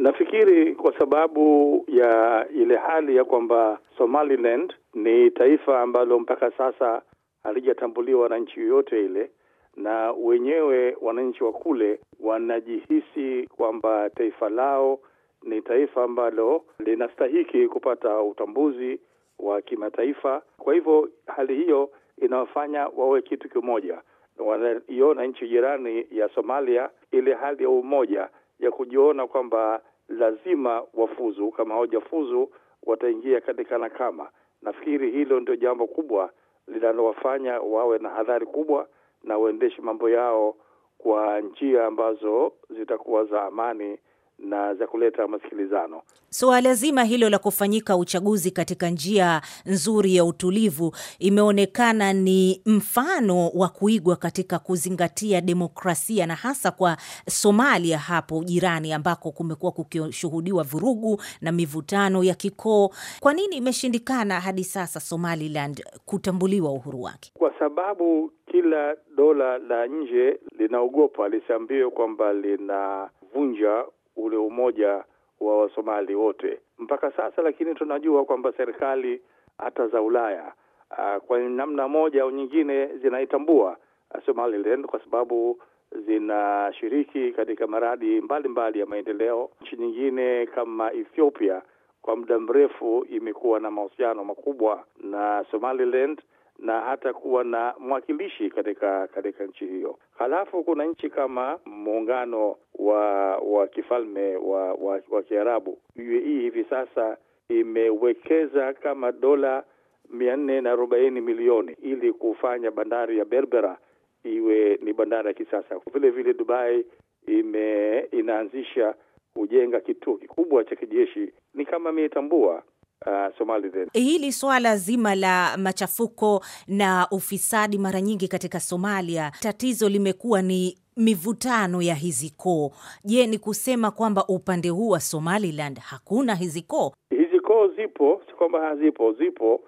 Nafikiri kwa sababu ya ile hali ya kwamba Somaliland ni taifa ambalo mpaka sasa halijatambuliwa na nchi yoyote ile, na wenyewe wananchi wa kule wanajihisi kwamba taifa lao ni taifa ambalo linastahiki kupata utambuzi wa kimataifa. Kwa hivyo hali hiyo inawafanya wawe kitu kimoja. Wanaiona nchi jirani ya Somalia ile hali ya umoja ya kujiona kwamba lazima wafuzu. Kama hawajafuzu, wataingia katika nakama. Nafikiri hilo ndio jambo kubwa linalowafanya wawe na hadhari kubwa na waendeshe mambo yao kwa njia ambazo zitakuwa za amani na za kuleta masikilizano. Suala so, zima hilo la kufanyika uchaguzi katika njia nzuri ya utulivu imeonekana ni mfano wa kuigwa katika kuzingatia demokrasia na hasa kwa Somalia hapo jirani ambako kumekuwa kukishuhudiwa vurugu na mivutano ya kikoo. Kwa nini imeshindikana hadi sasa Somaliland kutambuliwa uhuru wake? Kwa sababu kila dola la nje linaogopa lisiambiwe kwamba linavunja ule umoja wa Wasomali wote mpaka sasa, lakini tunajua kwamba serikali hata za Ulaya uh, kwa namna moja au nyingine zinaitambua ah, Somaliland kwa sababu zinashiriki katika miradi mbalimbali mbali ya maendeleo. Nchi nyingine kama Ethiopia kwa muda mrefu imekuwa na mahusiano makubwa na Somaliland na hata kuwa na mwakilishi katika katika nchi hiyo. Halafu kuna nchi kama muungano wa wa kifalme wa wa, wa Kiarabu UAE hivi sasa imewekeza kama dola mia nne na arobaini milioni ili kufanya bandari ya Berbera iwe ni bandari ya kisasa. Vile vile Dubai ime- inaanzisha kujenga kituo kikubwa cha kijeshi, ni kama imeitambua uh, Hili swala zima la machafuko na ufisadi mara nyingi katika Somalia, tatizo limekuwa ni mivutano ya hizi koo. Je, ni kusema kwamba upande huu wa Somaliland hakuna hizi koo? Hizi koo zipo, si kwamba hazipo, zipo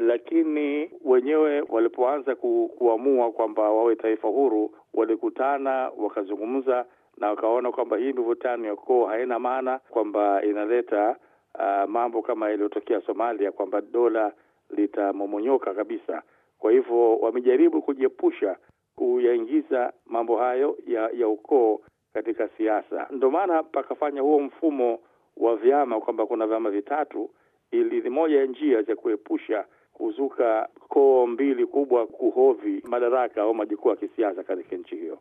lakini wenyewe walipoanza ku, kuamua kwamba wawe taifa huru, walikutana wakazungumza, na wakaona kwamba hii mivutano ya koo haina maana, kwamba inaleta uh, mambo kama yaliyotokea Somalia kwamba dola litamomonyoka kabisa. Kwa hivyo wamejaribu kujiepusha kuyaingiza mambo hayo ya, ya ukoo katika siasa, ndio maana pakafanya huo mfumo wa vyama kwamba kuna vyama vitatu, ili ni moja ya njia za kuepusha kuzuka koo mbili kubwa kuhovi madaraka au majukwaa ya kisiasa katika nchi hiyo.